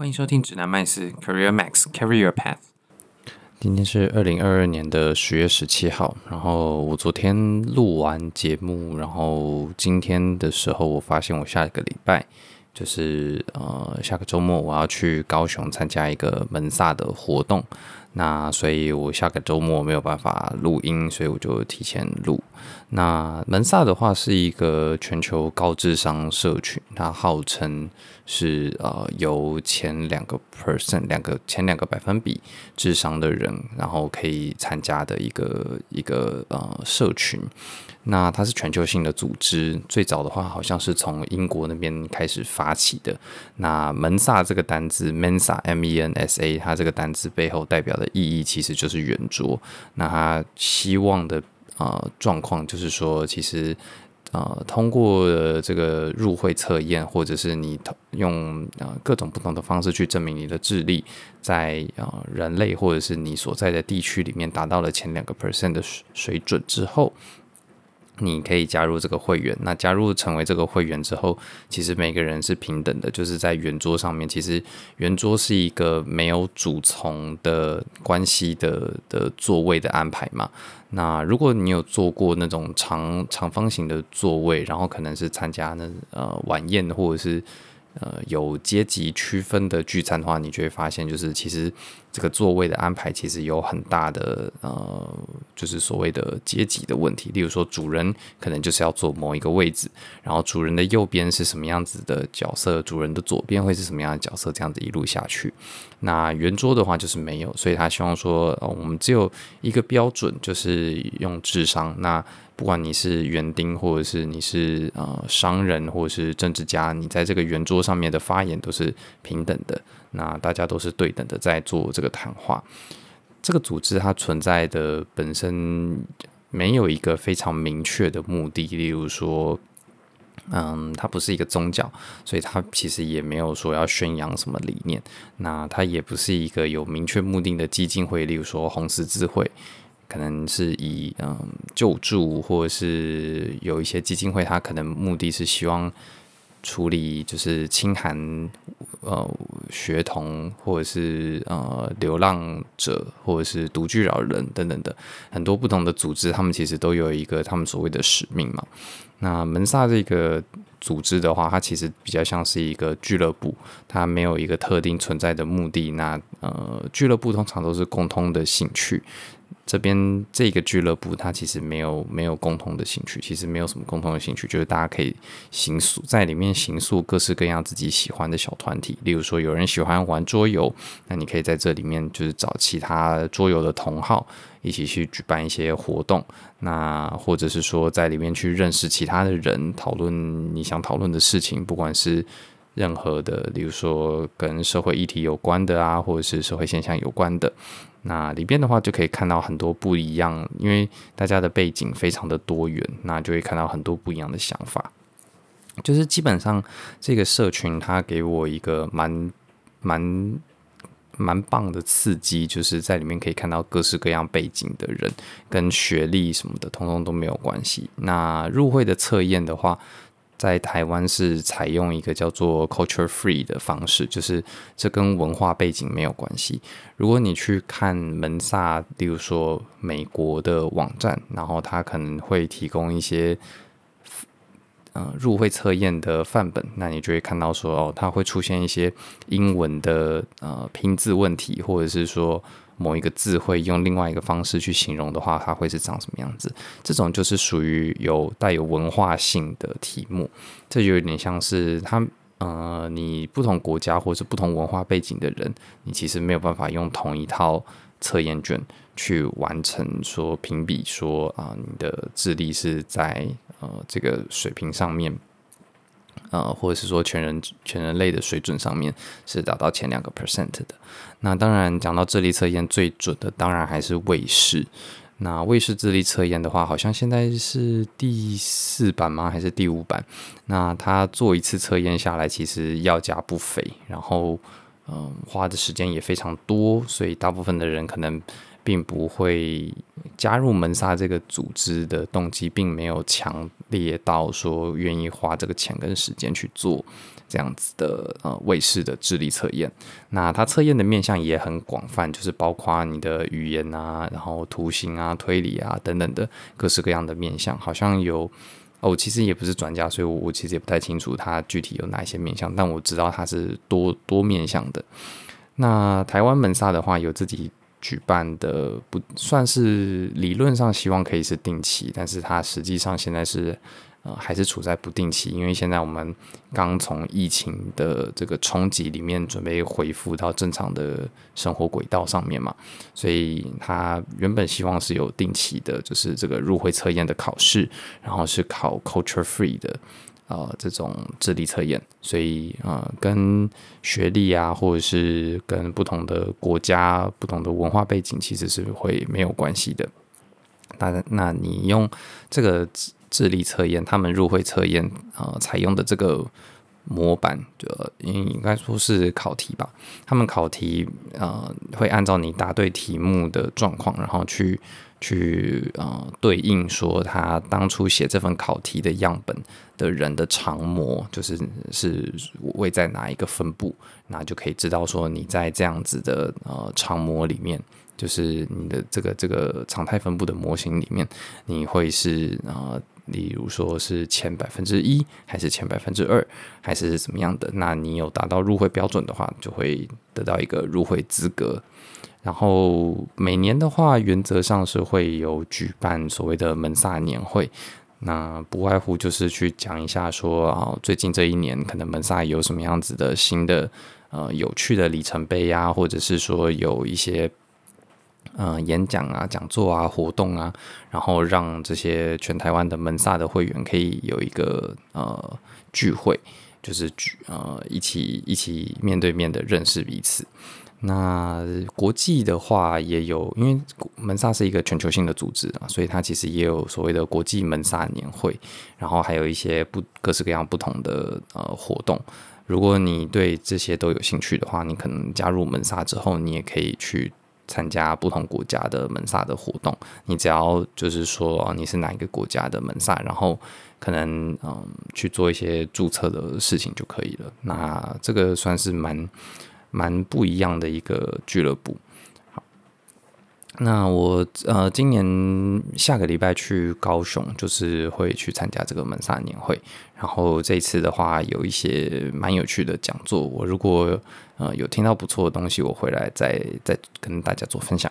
歡迎收聽指南麥斯 Career Max Career Path。今天是二零二二年的十月十七號，然後我昨天錄完節目，然後今天的時候，我發現我下一個禮拜就是呃下個周末，我要去高雄參加一個門薩的活動。那所以，我下個周末沒有辦法錄音，所以我就提前錄。那門薩的話是一個全球高智商社群，它號稱是呃由前兩個 percent 兩個前兩個百分比智商的人，然後可以參加的一個一個呃社群。那它是全球性的組織，最早的話好像是從英國那邊開始發起的。那“門薩”這個單字 Mensa, m e n s a m e n s a 它這個單字背後代表的意義其實就是圓桌。那它希望的呃狀況就是說，其實呃通過這個入會測驗，或者是你用呃各種不同的方式去證明你的智力在啊、呃、人類或者是你所在的地區裡面達到了前兩個 percent 的水準之後。你可以加入這個會員。那加入成為這個會員之後，其實每個人是平等的，就是在圓桌上面。其實圓桌是一個沒有主從的關係的的座位的安排嘛。那如果你有坐過那種長長方形的座位，然後可能是參加那呃晚宴或者是。呃，有階級區分的聚餐的話，你就會發現，就是其實這個座位的安排其實有很大的呃，就是所謂的階級的問題。例如說，主人可能就是要坐某一個位置，然後主人的右邊是什麼樣子的角色，主人的左邊會是什麼樣的角色，這樣子一路下去。那圓桌的話就是沒有，所以他希望說，哦，我們只有一個標準，就是用智商。那不管你是園丁，或者是你是呃商人，或者是政治家，你在這個圓桌上面的發言都是平等的。那大家都是對等的，在做這個談話。這個組織它存在的本身沒有一個非常明確的目的，例如說，嗯，它不是一個宗教，所以它其實也沒有說要宣揚什麼理念。那它也不是一個有明確目的的基金會，例如說紅十字會。可能是以嗯、呃、救助，或者是有一些基金會，他可能目的是希望處理就是清寒呃學童，或者是呃流浪者，或者是獨居老人等等的很多不同的組織，他們其實都有一個他們所謂的使命嘛。那門薩這個組織的話，它其實比較像是一個俱樂部，它沒有一個特定存在的目的。那呃俱樂部通常都是共通的興趣。這邊這個俱樂部，它其實沒有沒有共同的興趣，其實沒有什麼共同的興趣，就是大家可以形塑，在裡面形塑各式各樣自己喜歡的小團體，例如說有人喜歡玩桌遊，那你可以在這裡面就是找其他桌遊的同好，一起去舉辦一些活動，那或者是說在裡面去認識其他的人，討論你想討論的事情，不管是。任何的，比如說跟社會議題有關的啊，或者是社會現象有關的。那裡邊的話就可以看到很多不一樣，因為大家的背景非常的多元，那就會看到很多不一樣的想法。就是基本上這個社群它給我一個蠻，蠻，蠻棒的刺激，就是在裡面可以看到各式各樣背景的人，跟學歷什麼的，通通都沒有關係。那入會的測驗的話。在台灣是採用一個叫做 culture free 的方式，就是這跟文化背景沒有關係。如果你去看門薩，例如說美國的網站，然後它可能會提供一些呃入會測驗的範本，那你就會看到說，哦，它會出現一些英文的呃拼字問題，或者是說。某一個字會用另外一個方式去形容的話，它會是長什麼樣子？這種就是屬於有帶有文化性的題目。這就有點像是他呃，你不同國家或者是不同文化背景的人，你其實沒有辦法用同一套測驗卷去完成說評比說啊，呃，你的智力是在呃這個水平上面。呃，或者是說全人全人類的水準上面是達到前兩個 percent 的。那當然講到智力測驗最準的，當然還是魏氏。那魏氏智力測驗的話，好像現在是第四版嗎？還是第五版？那他做一次測驗下來，其實要價不菲，然後嗯、呃，花的時間也非常多，所以大部分的人可能並不會加入門薩這個組織的動機，並沒有強。列到說願意花這個錢跟時間去做這樣子的呃，魏氏的智力測驗。那他測驗的面向也很廣泛，就是包括你的語言啊，然後圖形啊、推理啊等等的各式各樣的面向。好像有哦，其實也不是專家，所以我我其實也不太清楚他具體有哪些面向，但我知道他是多多面向的。那台灣門薩的話有自己。舉辦的不算是理論上希望可以是定期，但是它實際上現在是呃，還是處在不定期，因為現在我們剛從疫情的這個衝擊裡面準備恢復到正常的生活軌道上面嘛，所以它原本希望是有定期的，就是這個入會測驗的考試，然後是考 culture free 的。啊、呃，這種智力測驗，所以啊、呃，跟學歷啊，或者是跟不同的國家、不同的文化背景，其實是會沒有關係的。當然，那你用這個智智力測驗，他們入會測驗呃，採用的這個模板，就應應該說是考題吧？他們考題呃，會按照你答對題目的狀況，然後去。去啊、呃，對應說他當初寫這份考題的樣本的人的常模，就是是位在哪一個分佈，那就可以知道說你在這樣子的呃常模裡面，就是你的這個這個常態分佈的模型裡面，你會是啊、呃，例如說是前百分之一，還是前百分之二，還是怎麼樣的？那你有達到入會標準的話，就會得到一個入會資格。然後每年的話，原則上是會有舉辦所謂的門薩年會，那不外乎就是去講一下說啊，最近這一年可能門薩有什麼樣子的新的呃有趣的里程碑呀、啊，或者是說有一些、呃、演講啊、講座啊、活動啊，然後讓這些全台灣的門薩的會員可以有一個呃聚會，就是聚呃一起一起面對面的認識彼此。那國際的話也有，因為門薩是一個全球性的組織，所以它其實也有所謂的國際門薩年會，然後還有一些不各式各樣不同的呃活動。如果你對這些都有興趣的話，你可能加入門薩之後，你也可以去參加不同國家的門薩的活動。你只要就是說你是哪一個國家的門薩，然後可能嗯，呃，去做一些注冊的事情就可以了。那這個算是蠻。蠻不一樣的一個俱樂部。好，那我呃今年下個禮拜去高雄，就是會去參加這個門薩年會。然後這一次的話，有一些蠻有趣的講座。我如果呃有聽到不錯的東西，我回來再再跟大家做分享。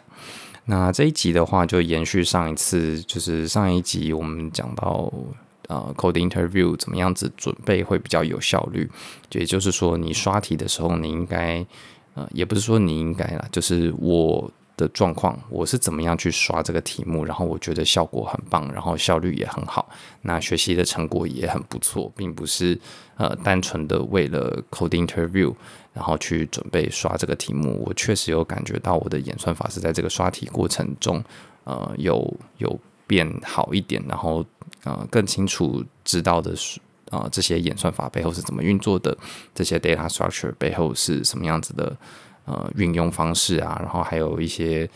那這一集的話，就延續上一次，就是上一集我們講到。呃，coding interview 怎麼樣子準備會比較有效率？也就是說，你刷題的時候，你應該呃，也不是說你應該啦，就是我的狀況，我是怎麼樣去刷這個題目，然後我覺得效果很棒，然後效率也很好，那學習的成果也很不錯，並不是呃單純的為了 coding interview，然後去準備刷這個題目。我確實有感覺到我的演算法是在這個刷題過程中，呃，有有變好一點，然後。呃，更清楚知道的是，啊、呃，這些演算法背後是怎麼運作的，這些 data structure 背後是什麼樣子的，呃，運用方式啊，然後還有一些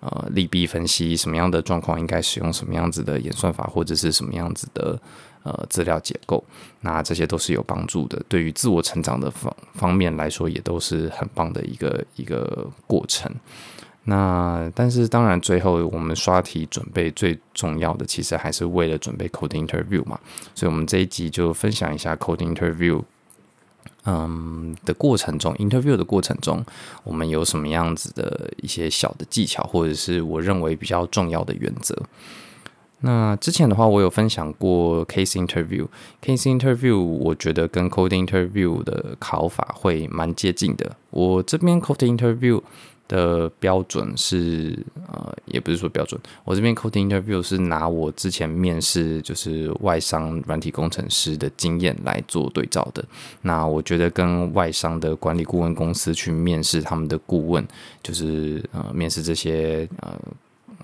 呃利弊分析，什麼樣的狀況應該使用什麼樣子的演算法，或者是什麼樣子的呃資料結構，那這些都是有幫助的，對於自我成長的方方面來說，也都是很棒的一個一個過程。那，但是當然，最後我們刷題準備最重要的，其實還是為了準備 coding interview 嘛。所以，我們這一集就分享一下 coding interview，嗯的過程中，interview 的過程中，我們有什麼樣子的一些小的技巧，或者是我認為比較重要的原則。那之前的話，我有分享過 case interview，case interview 我覺得跟 coding interview 的考法會蠻接近的。我這邊 coding interview。的標準是呃，也不是說標準，我這邊 coding interview 是拿我之前面試就是外商軟體工程師的經驗來做對照的。那我覺得跟外商的管理顧問公司去面試他們的顧問，就是呃，面試這些呃。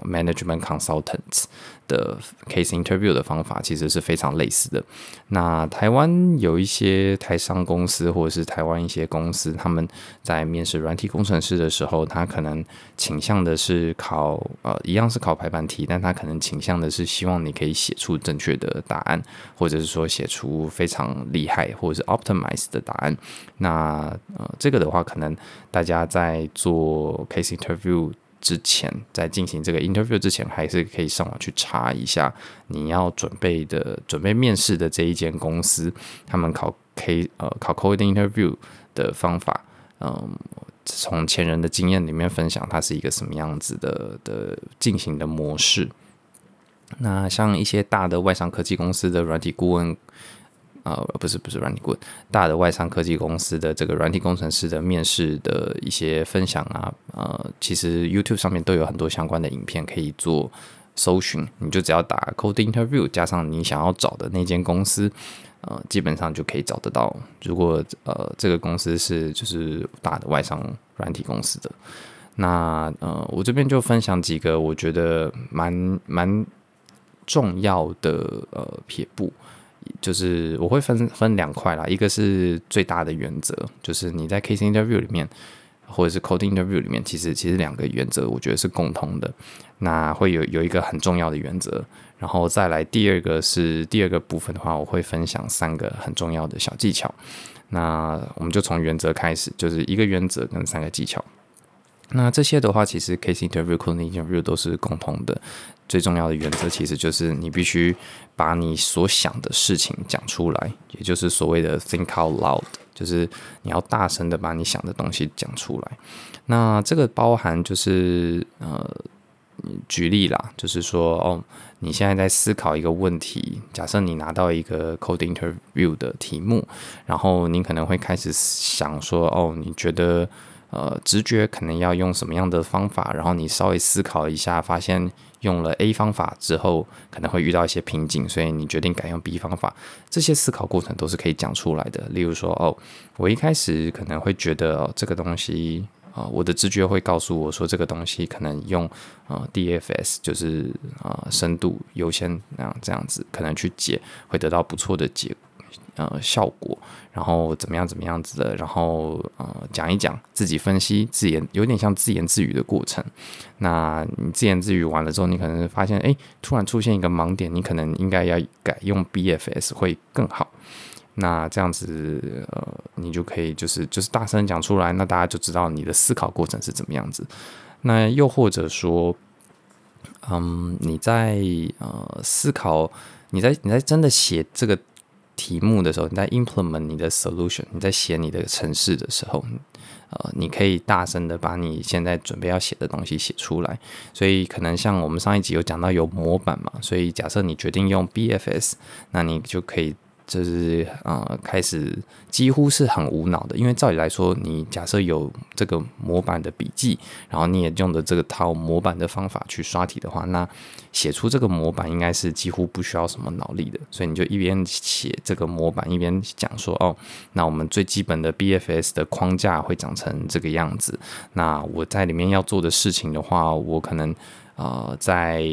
Management consultants 的 case interview 的方法其實是非常類似的。那台灣有一些台商公司或者是台灣一些公司，他們在面試軟體工程師的時候，他可能傾向的是考呃，一樣是考排版題，但他可能傾向的是希望你可以寫出正確的答案，或者是說寫出非常厲害或者是 optimize 的答案。那呃，這個的話，可能大家在做 case interview。之前在進行這個 interview 之前，還是可以上網去查一下你要準備的、準備面試的這一間公司，他們考 K 呃考 coding interview 的方法，嗯，從前人的經驗裡面分享，它是一個什麼樣子的的進行的模式。那像一些大的外商科技公司的軟體顧問。呃，不是不是軟體 good 大的外商科技公司的這個軟體工程師的面試的一些分享啊，呃，其實 YouTube 上面都有很多相關的影片可以做搜尋，你就只要打 code interview 加上你想要找的那間公司，呃，基本上就可以找得到。如果呃這個公司是就是大的外商軟體公司的，那呃我這邊就分享幾個我覺得蠻蠻重要的呃撇步。就是我會分分兩塊啦，一個是最大的原則，就是你在 case interview 裡面或者是 coding interview 裡面，其實其實兩個原則我覺得是共同的。那會有有一個很重要的原則，然後再來第二個是第二個部分的話，我會分享三個很重要的小技巧。那我們就從原則開始，就是一個原則跟三個技巧。那這些的話，其實 case interview coding interview 都是共同的。最重要的原則，其實就是你必須把你所想的事情講出來，也就是所謂的 think out loud，就是你要大聲的把你想的東西講出來。那這個包含就是呃，舉例啦，就是說哦，你現在在思考一個問題，假設你拿到一個 code interview 的題目，然後你可能會開始想說哦，你覺得。呃，直覺可能要用什麼樣的方法，然後你稍微思考一下，發現用了 A 方法之後可能會遇到一些瓶頸，所以你決定改用 B 方法。這些思考過程都是可以講出來的。例如說，哦，我一開始可能會覺得、哦、這個東西，啊、呃，我的直覺會告訴我說這個東西可能用啊、呃、DFS，就是啊、呃、深度優先那樣這樣子，可能去解會得到不錯的結果。呃，效果，然後怎麼樣，怎麼樣子的？然後呃，講一講自己分析，自言有點像自言自語的過程。那你自言自語完了之後，你可能發現，哎，突然出現一個盲點，你可能應該要改用 BFS 會更好。那這樣子，呃，你就可以就是就是大聲講出來，那大家就知道你的思考過程是怎麼樣子。那又或者說，嗯，你在呃思考，你在你在真的寫這個。題目的時候，你在 implement 你的 solution，你在寫你的程式的時候，呃，你可以大聲的把你現在準備要寫的東西寫出來。所以可能像我們上一集有講到有模板嘛，所以假設你決定用 BFS，那你就可以。就是啊、呃，開始幾乎是很無腦的，因為照理來說，你假設有這個模板的筆記，然後你也用的這個套模板的方法去刷題的話，那寫出這個模板應該是幾乎不需要什麼腦力的。所以你就一邊寫這個模板，一邊講說：“哦，那我們最基本的 BFS 的框架會長成這個樣子。那我在裡面要做的事情的話，我可能啊、呃、在。”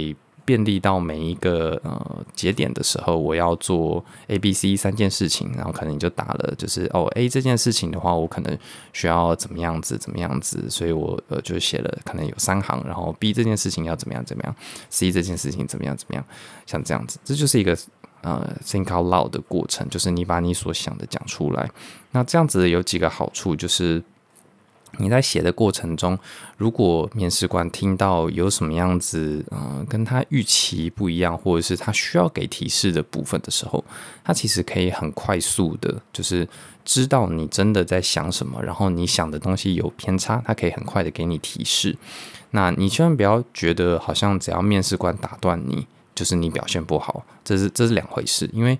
遍歷到每一個呃節點的時候，我要做 A、B、C 三件事情，然後可能你就打了，就是哦 A 這件事情的話，我可能需要怎麼樣子，怎麼樣子，所以我呃就寫了可能有三行，然後 B 這件事情要怎麼樣，怎麼樣，C 這件事情怎麼樣，怎麼樣，像這樣子，這就是一個呃 think out loud 的過程，就是你把你所想的講出來。那這樣子有幾個好處就是。你在寫的過程中，如果面試官聽到有什麼樣子，嗯、呃，跟他預期不一樣，或者是他需要給提示的部分的時候，他其實可以很快速的，就是知道你真的在想什麼，然後你想的東西有偏差，他可以很快的給你提示。那你千萬不要覺得好像只要面試官打斷你，就是你表現不好，這是這是兩回事，因為。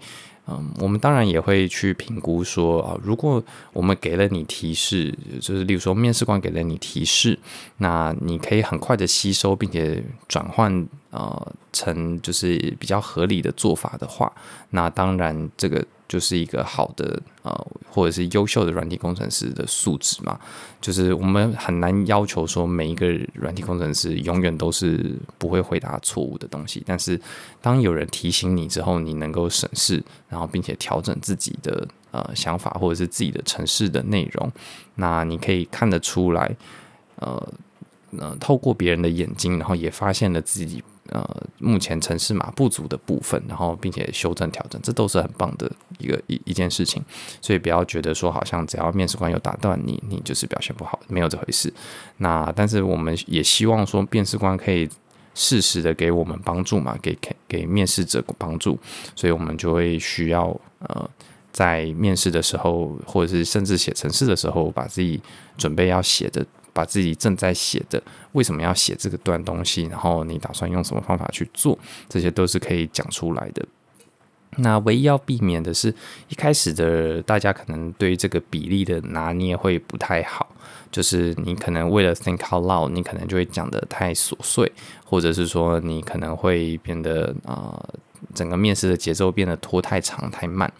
嗯，我們當然也會去評估說啊，如果我們給了你提示，就是例如說面試官給了你提示，那你可以很快的吸收並且轉換啊成就是比較合理的做法的話，那當然這個。就是一個好的呃，或者是優秀的軟體工程師的素質嘛。就是我們很難要求說每一個軟體工程師永遠都是不會回答錯誤的東西。但是當有人提醒你之後，你能夠審視，然後並且調整自己的呃想法或者是自己的陳述的內容，那你可以看得出來，呃呃，透過別人的眼睛，然後也發現了自己，呃，目前程式碼不足的部分，然後並且修正調整，這都是很棒的一個一一件事情。所以不要覺得說，好像只要面試官有打斷你，你就是表現不好，沒有這回事。那但是我們也希望說，面試官可以適時的給我們幫助嘛，給給給面試者幫助。所以我們就會需要呃，在面試的時候，或者是甚至寫程式的時候，把自己準備要寫的。把自己正在寫的為什麼要寫這個段東西，然後你打算用什麼方法去做，這些都是可以講出來的。那唯一要避免的是一開始的大家可能對這個比例的拿捏會不太好，就是你可能為了 think out loud, 你可能就會講得太瑣碎，或者是說你可能會變得啊、呃，整個面試的節奏變得拖太長太慢。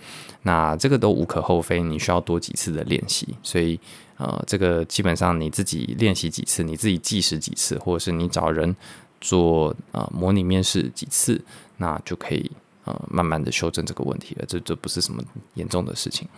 那這個都無可厚非，你需要多幾次的練習，所以。呃，這個基本上你自己練習幾次，你自己計時幾次，或者是你找人做、呃、模擬面試幾次，那就可以呃慢慢的修正這個問題了。這這不是什麼嚴重的事情。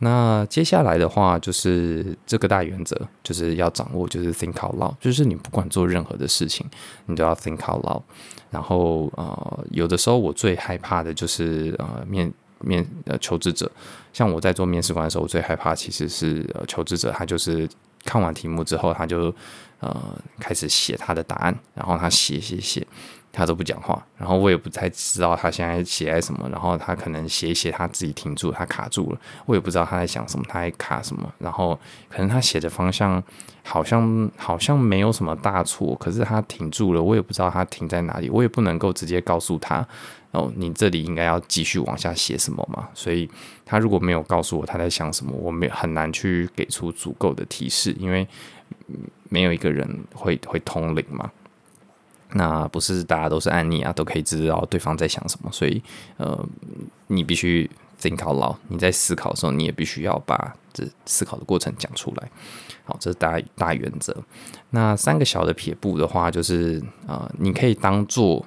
那接下來的話就是這個大原則，就是要掌握就是 think out loud，就是你不管做任何的事情，你都要 think out loud。然後呃，有的時候我最害怕的就是呃面。面呃，求職者，像我在做面試官的時候，我最害怕其實是，呃，求職者，他就是看完題目之後，他就呃開始寫他的答案，然後他寫寫寫，他都不講話，然後我也不太知道他現在寫在什麼，然後他可能寫一寫，他自己停住，他卡住了，我也不知道他在想什麼，他在卡什麼，然後可能他寫的方向好像好像沒有什麼大錯，可是他停住了，我也不知道他停在哪裡，我也不能夠直接告訴他。哦，你這裡應該要繼續往下寫什麼嘛？所以他如果沒有告訴我他在想什麼，我很難去給出足夠的提示，因為沒有一個人會會通靈嘛。那不是大家都是案例啊，都可以知道對方在想什麼。所以，呃，你必須 think out loud，你在思考的時候，你也必須要把這思考的過程講出來。好，這是大大原則。那三個小的撇步的話，就是啊、呃，你可以當做。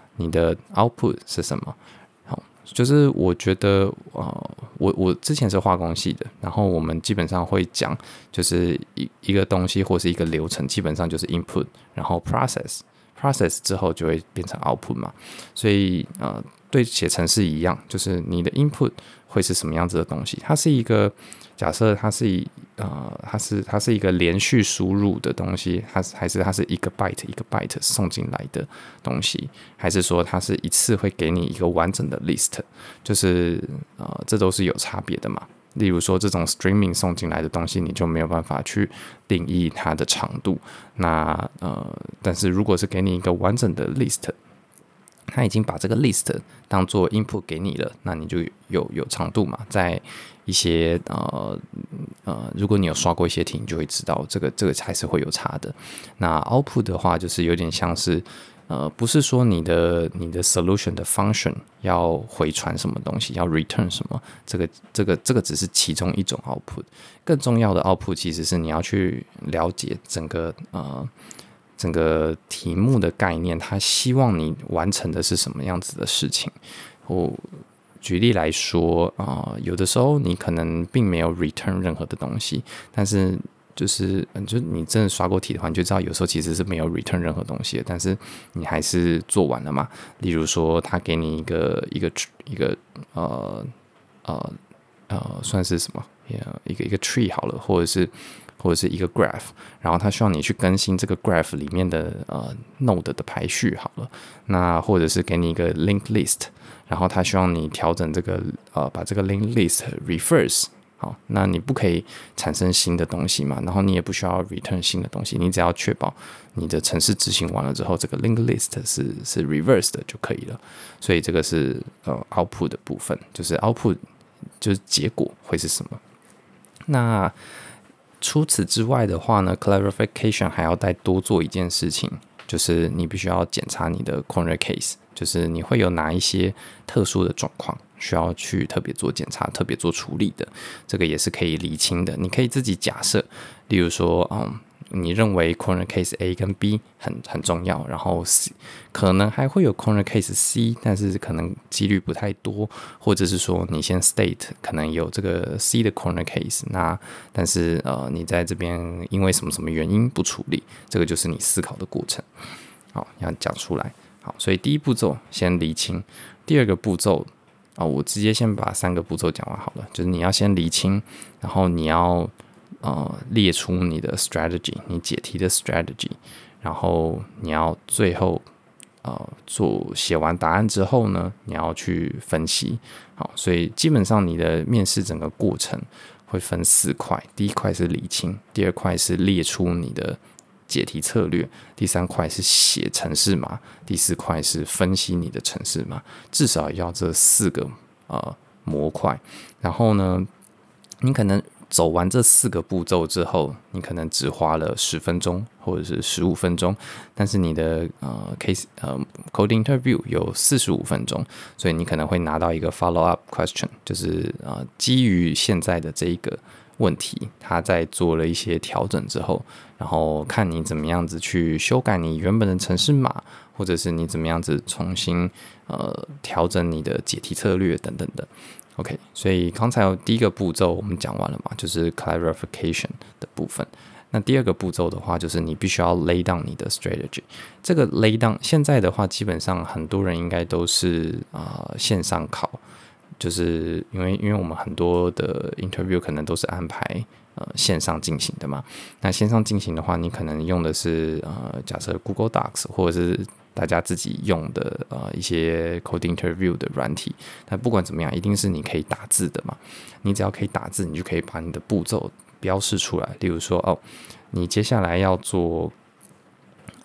你的 output 是什麼？好，就是我覺得，呃，我我之前是化工系的，然後我們基本上會講，就是一一個東西或是一個流程，基本上就是 input，然後 process，process process 之後就會變成 output 嘛。所以，呃，對寫程式一樣，就是你的 input 會是什麼樣子的東西？它是一個。假設它是一呃，它是它是一個連續輸入的東西，它還是它是一個 byte 一個 byte 送進來的東西，還是說它是一次會給你一個完整的 list？就是呃，這都是有差別的嘛。例如說，這種 streaming 送進來的東西，你就沒有辦法去定義它的長度。那呃，但是如果是給你一個完整的 list。他已經把這個 list 當做 input 給你了，那你就有有長度嘛？在一些呃呃，如果你有刷過一些題，你就會知道這個這個才是會有差的。那 output 的話，就是有點像是呃，不是說你的你的 solution 的 function 要回傳什麼東西，要 return 什麼，這個這個這個只是其中一種 output。更重要的 output 其實是你要去了解整個呃。整個題目的概念，他希望你完成的是什麼樣子的事情？我、哦、舉例來說啊、呃，有的時候你可能並沒有 return 任何的東西，但是就是，呃、就你真的刷過題的話，你就知道有時候其實是沒有 return 任何東西的，但是你還是做完了嘛？例如說，他給你一個一個一個呃呃呃，算是什麼？Yeah, 一個一個 tree 好了，或者是。或者是一個 graph，然後它需要你去更新這個 graph 裡面的呃 node 的排序好了，那或者是給你一個 link list，然後它需要你調整這個呃把這個 link list reverse 好，那你不可以產生新的東西嘛，然後你也不需要 return 新的東西，你只要確保你的城市執行完了之後，這個 link list 是是 reversed 就可以了，所以這個是呃 output 的部分，就是 output 就是結果會是什麼，那。除此之外的話呢，clarification 還要再多做一件事情，就是你必須要檢查你的 corner case，就是你會有哪一些特殊的狀況需要去特別做檢查、特別做處理的，這個也是可以釐清的。你可以自己假設，例如說，嗯。你認為 corner case A 跟 B 很很重要，然後 C 可能還會有 corner case C，但是可能幾率不太多，或者是說你先 state 可能有這個 C 的 corner case，那但是呃你在這邊因為什麼什麼原因不處理，這個就是你思考的過程，好要講出來，好，所以第一步驟先理清，第二個步驟啊，哦，我直接先把三個步驟講完好了，就是你要先理清，然後你要。呃，列出你的 strategy，你解題的 strategy，然後你要最後呃做寫完答案之後呢，你要去分析。好，所以基本上你的面試整個過程會分四塊：第一塊是理清，第二塊是列出你的解題策略，第三塊是寫程式碼，第四塊是分析你的程式碼。至少要這四個呃模塊。然後呢，你可能。走完這四個步驟之後，你可能只花了十分鐘或者是十五分鐘，但是你的呃 case 呃 Coding Interview 有四十五分鐘，所以你可能會拿到一個 follow up question，就是呃基於現在的這一個問題，他在做了一些調整之後，然後看你怎麼樣子去修改你原本的程式碼，或者是你怎麼樣子重新呃調整你的解題策略等等的。OK，所以剛才第一個步驟我們講完了嘛，就是 clarification 的部分。那第二個步驟的話，就是你必須要 lay down 你的 strategy。這個 lay down 現在的話，基本上很多人應該都是啊、呃、線上考，就是因為因為我們很多的 interview 可能都是安排呃線上進行的嘛。那線上進行的話，你可能用的是呃，假設 Google Docs 或者是。大家自己用的呃一些 coding interview 的軟體，但不管怎麼樣，一定是你可以打字的嘛。你只要可以打字，你就可以把你的步驟標示出來。例如說，哦，你接下來要做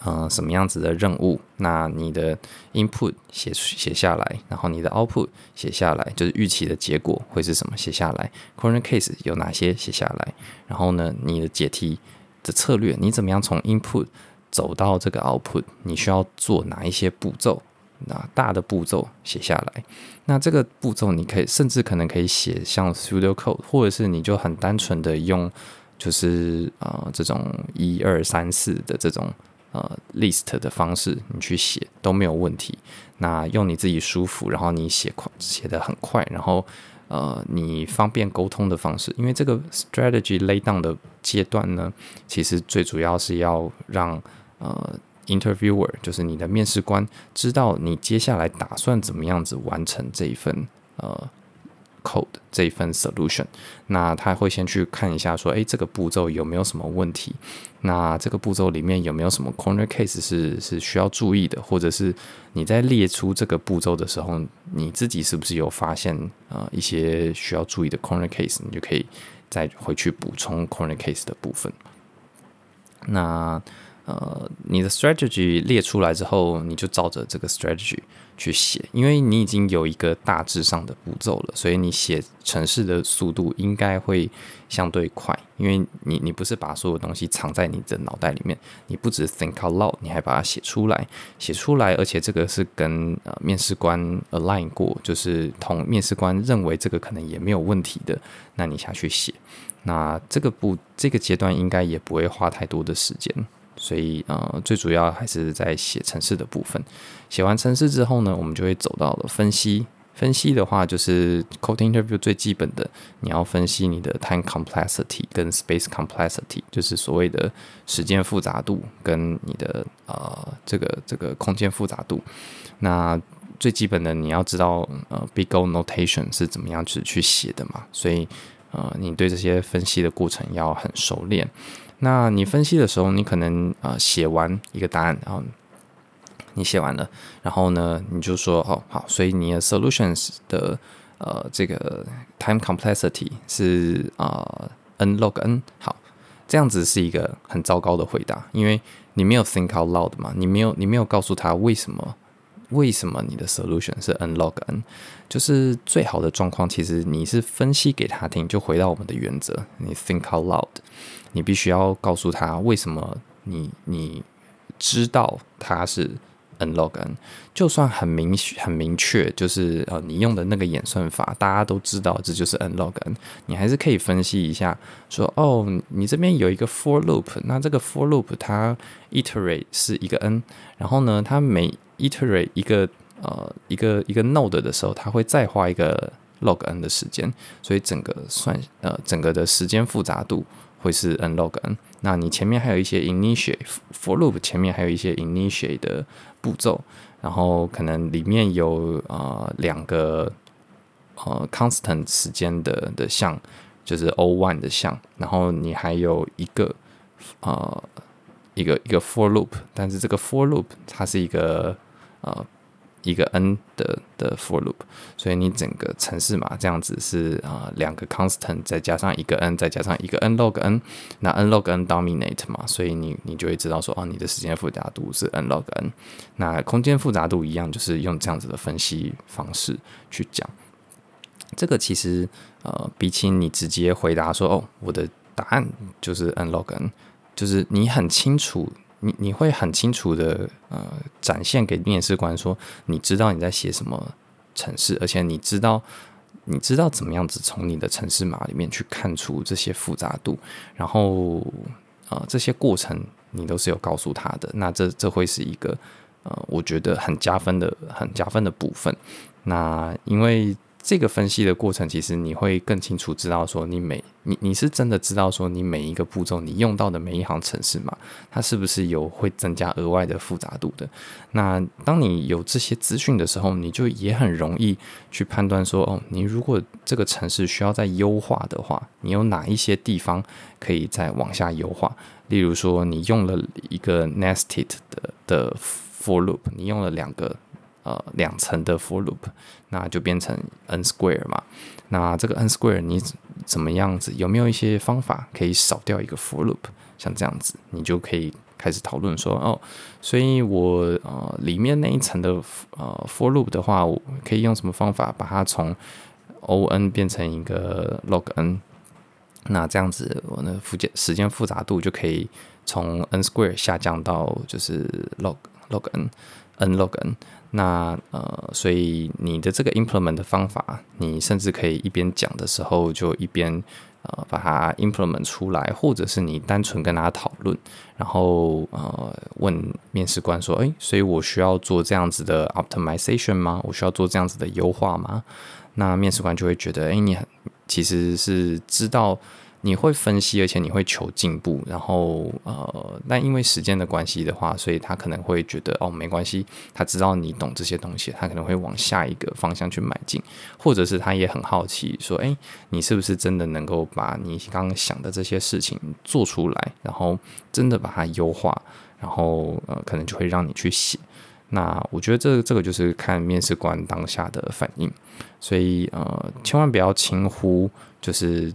嗯、呃、什麼樣子的任務，那你的 input 寫寫下來，然後你的 output 寫下來，就是預期的結果會是什麼寫下來。corner case 有哪些寫下來，然後呢，你的解題的策略，你怎麼樣從 input 走到這個 output，你需要做哪一些步驟？那大的步驟寫下來。那這個步驟，你可以甚至可能可以寫像 Pseudo Code，或者是你就很單純的用，就是啊、呃、這種一二三四的這種呃 list 的方式，你去寫都沒有問題。那用你自己舒服，然後你寫快，寫得很快，然後。呃，你方便溝通的方式，因為這個 strategy lay down 的階段呢，其實最主要是要讓呃 interviewer，就是你的面試官，知道你接下來打算怎麼樣子完成這一份呃。code 這一份 solution，那他會先去看一下，說，誒、欸、這個步驟有沒有什麼問題？那這個步驟裡面有沒有什麼 corner case 是是需要注意的？或者是你在列出這個步驟的時候，你自己是不是有發現啊、呃、一些需要注意的 corner case？你就可以再回去補充 corner case 的部分。那呃，你的 strategy 列出來之後，你就照着這個 strategy。去寫，因為你已經有一個大致上的步驟了，所以你寫程式的速度應該會相對快，因為你你不是把所有東西藏在你的腦袋裡面，你不止 think out loud，你還把它寫出來，寫出來，而且這個是跟、呃、面試官 align 過，就是同面試官認為這個可能也沒有問題的，那你下去寫，那這個步這個階段應該也不會花太多的時間。所以，呃，最主要還是在寫程式的部分。寫完程式之後呢，我們就會走到了分析。分析的話，就是 Coding Interview 最基本的，你要分析你的 time complexity 跟 space complexity，就是所謂的時間複雜度跟你的呃這個這個空間複雜度。那最基本的你要知道，呃，big O notation 是怎麼樣去去寫的嘛。所以，呃，你對這些分析的過程要很熟練。那你分析的時候，你可能啊呃、寫完一個答案，哦、然後你寫完了，然後呢你就說哦好，所以你的 solutions 的呃這個 time complexity 是啊、呃、n log n。好，這樣子是一個很糟糕的回答，因為你沒有 think out loud 嘛，你沒有你沒有告訴他為什麼為什麼你的 solution 是 n log n，就是最好的狀況，其實你是分析給他聽，就回到我們的原則，你 think out loud。你必須要告訴他為什麼你你知道它是 n log n。就算很明很明確，就是呃，你用的那個演算法，大家都知道這就是 n log n。你還是可以分析一下說，說哦，你這邊有一個 for loop，那這個 for loop 它 iterate 是一個 n，然後呢，它每 iterate 一個呃一個一個 node 的時候，它會再花一個 log n 的時間，所以整個算呃整個的時間複雜度。會是 n log n，那你前面還有一些 initiate for loop，前面還有一些 initiate 的步驟，然後可能裡面有啊、呃、兩個呃 constant 時間的的項，就是 O one 的項，然後你還有一個啊、呃、一個一個 for loop，但是這個 for loop 它是一個呃。一個 n 的的 for loop，所以你整個程式嘛，這樣子是啊呃，兩個 constant 再加上一個 n 再加上一個 n log n，那 n log n dominate 嘛，所以你你就會知道說哦，你的時間複雜度是 n log n，那空間複雜度一樣，就是用這樣子的分析方式去講。這個其實呃比起你直接回答說哦，我的答案就是 n log n，就是你很清楚。你你會很清楚的呃展現給面試官說，你知道你在寫什麼程式，而且你知道你知道怎麼樣子從你的程式碼裡面去看出這些複雜度，然後啊、呃、這些過程你都是有告訴他的，那這這會是一個呃我覺得很加分的很加分的部分，那因為。這個分析的過程，其實你會更清楚知道說你，你每你你是真的知道說，你每一個步驟你用到的每一行程式嘛，它是不是有會增加額外的複雜度的？那當你有這些資訊的時候，你就也很容易去判斷說，哦，你如果這個程式需要再優化的話，你有哪一些地方可以再往下優化？例如說，你用了一個 nested 的的 for loop，你用了兩個。呃，兩層的 for loop，那就變成 n square 嘛。那這個 n square 你怎麼樣子？有沒有一些方法可以少掉一個 for loop？像這樣子，你就可以開始討論說，哦，所以我呃裡面那一層的呃 for loop 的話，我可以用什麼方法把它從 O n 變成一個 log n？那這樣子，我那復時間複雜度就可以從 n square 下降到就是 log log n、n log n。那呃，所以你的這個 implement 的方法，你甚至可以一邊講的時候就一邊呃把它 implement 出來，或者是你單純跟他討論，然後呃問面試官說，哎，所以我需要做這樣子的 optimization 嗎？我需要做這樣子的優化嗎？那面試官就會覺得，哎，你很其實是知道。你會分析，而且你會求進步，然後呃，那因為時間的關係的話，所以他可能會覺得哦，沒關係，他知道你懂這些東西，他可能會往下一個方向去邁進，或者是他也很好奇說，說誒，你是不是真的能夠把你剛剛想的這些事情做出來，然後真的把它優化，然後呃，可能就會讓你去寫。那我覺得這個、這個就是看面試官當下的反應，所以呃，千萬不要輕忽，就是。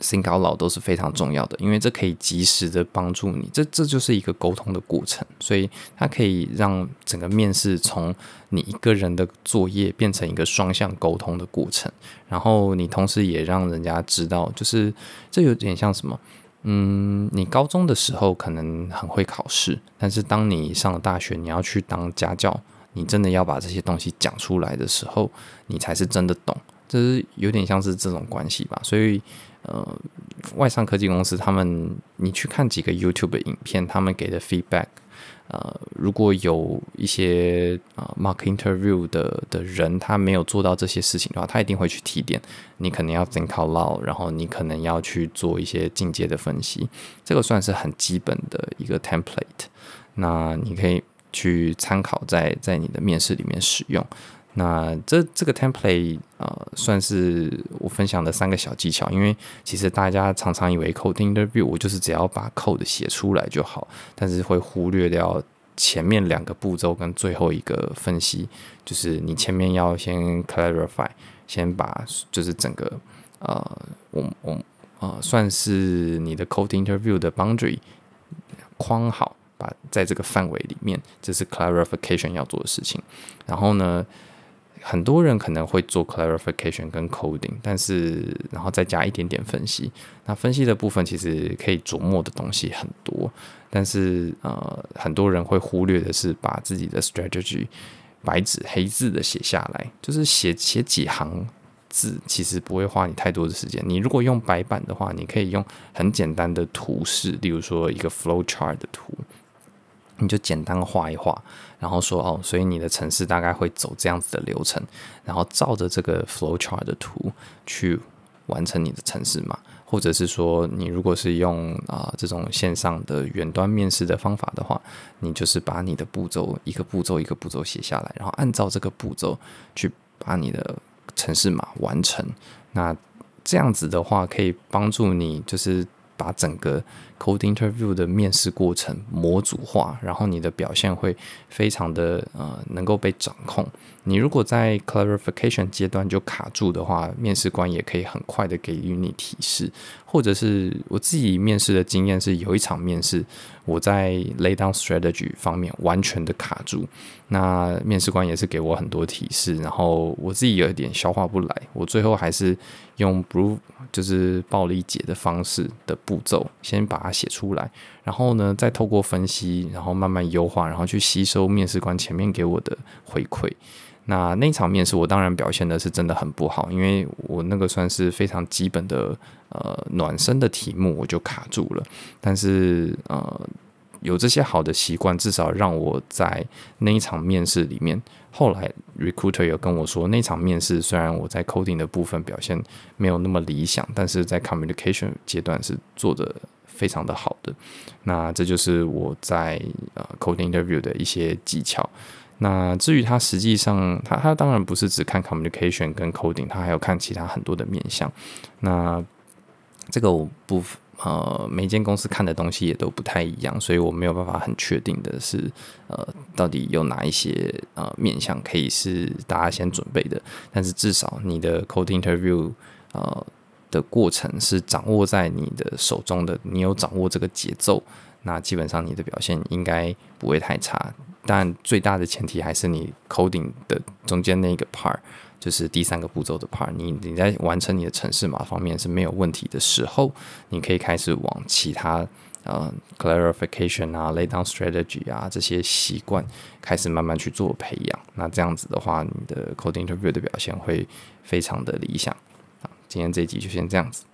Think out loud 都是非常重要的，因為這可以及時的幫助你。這這就是一個溝通的過程，所以它可以讓整個面試從你一個人的作業變成一個雙向溝通的過程。然後你同時也讓人家知道，就是這有點像什麼？嗯，你高中的時候可能很會考試，但是當你上了大學，你要去當家教，你真的要把這些東西講出來的時候，你才是真的懂。這，就是有點像是這種關係吧？所以。呃，外商科技公司，他們你去看幾個 YouTube 影片，他們給的 feedback，呃，如果有一些啊 Mark interview 的的人，他沒有做到這些事情的話，他一定會去提點你，可能要 think out l u d 然後你可能要去做一些進階的分析，這個算是很基本的一個 template，那你可以去參考在，在在你的面試裡面使用。那這這個 template 呃，算是我分享的三個小技巧，因為其實大家常常以為 code interview 我就是只要把 code 寫出來就好，但是會忽略掉前面兩個步驟跟最後一個分析，就是你前面要先 clarify，先把就是整個呃我我呃算是你的 code interview 的 boundary 框好，把在這個範圍裡面，這是 clarification 要做的事情，然後呢。很多人可能會做 clarification 跟 coding，但是然後再加一點點分析。那分析的部分其實可以琢磨的東西很多，但是呃，很多人會忽略的是把自己的 strategy 白紙黑字的寫下來，就是寫寫幾行字，其實不會花你太多的時間。你如果用白板的話，你可以用很簡單的圖示，例如說一個 flow chart 的圖，你就簡單畫一畫。然後說哦，所以你的程式，大概會走這樣子的流程，然後照着這個 flow chart 的圖去完成你的程式碼，或者是說你如果是用啊、呃、這種線上的遠端面試的方法的話，你就是把你的步驟一個步驟一個步驟寫下來，然後按照這個步驟去把你的程式碼完成。那這樣子的話可以幫助你就是。把整個 coding interview 的面試過程模組化，然後你的表現會非常的呃能夠被掌控。你如果在 clarification 階段就卡住的話，面試官也可以很快的給予你提示。或者是我自己面試的經驗是，有一場面試。我在 lay down strategy 方面完全的卡住，那面試官也是給我很多提示，然後我自己有一點消化不來，我最後還是用 brute 就是暴力解的方式的步驟，先把它寫出來，然後呢再透過分析，然後慢慢優化，然後去吸收面試官前面給我的回饋。那那場面試我當然表現的是真的很不好，因為我那個算是非常基本的呃暖身的題目，我就卡住了。但是呃有這些好的習慣，至少讓我在那一場面試裡面，後來 recruiter 又跟我說，那一場面試雖然我在 coding 的部分表現沒有那麼理想，但是在 communication 階段是做得非常的好的。那這就是我在呃 coding interview 的一些技巧。那至於他實際上，他他當然不是只看 communication 跟 coding，他還有看其他很多的面向。那這個我不呃，每間公司看的東西也都不太一樣，所以我沒有辦法很確定的是呃，到底有哪一些呃面向可以是大家先準備的。但是至少你的 coding interview 呃的過程是掌握在你的手中的，你有掌握這個節奏，那基本上你的表現應該不會太差。但最大的前提還是你 coding 的中間那個 part，就是第三個步驟的 part 你。你你在完成你的程式碼方面是沒有問題的時候，你可以開始往其他呃、uh, clarification 啊，lay down strategy 啊這些習慣開始慢慢去做培養。那這樣子的話，你的 coding interview 的表現會非常的理想。啊，今天這一集就先這樣子。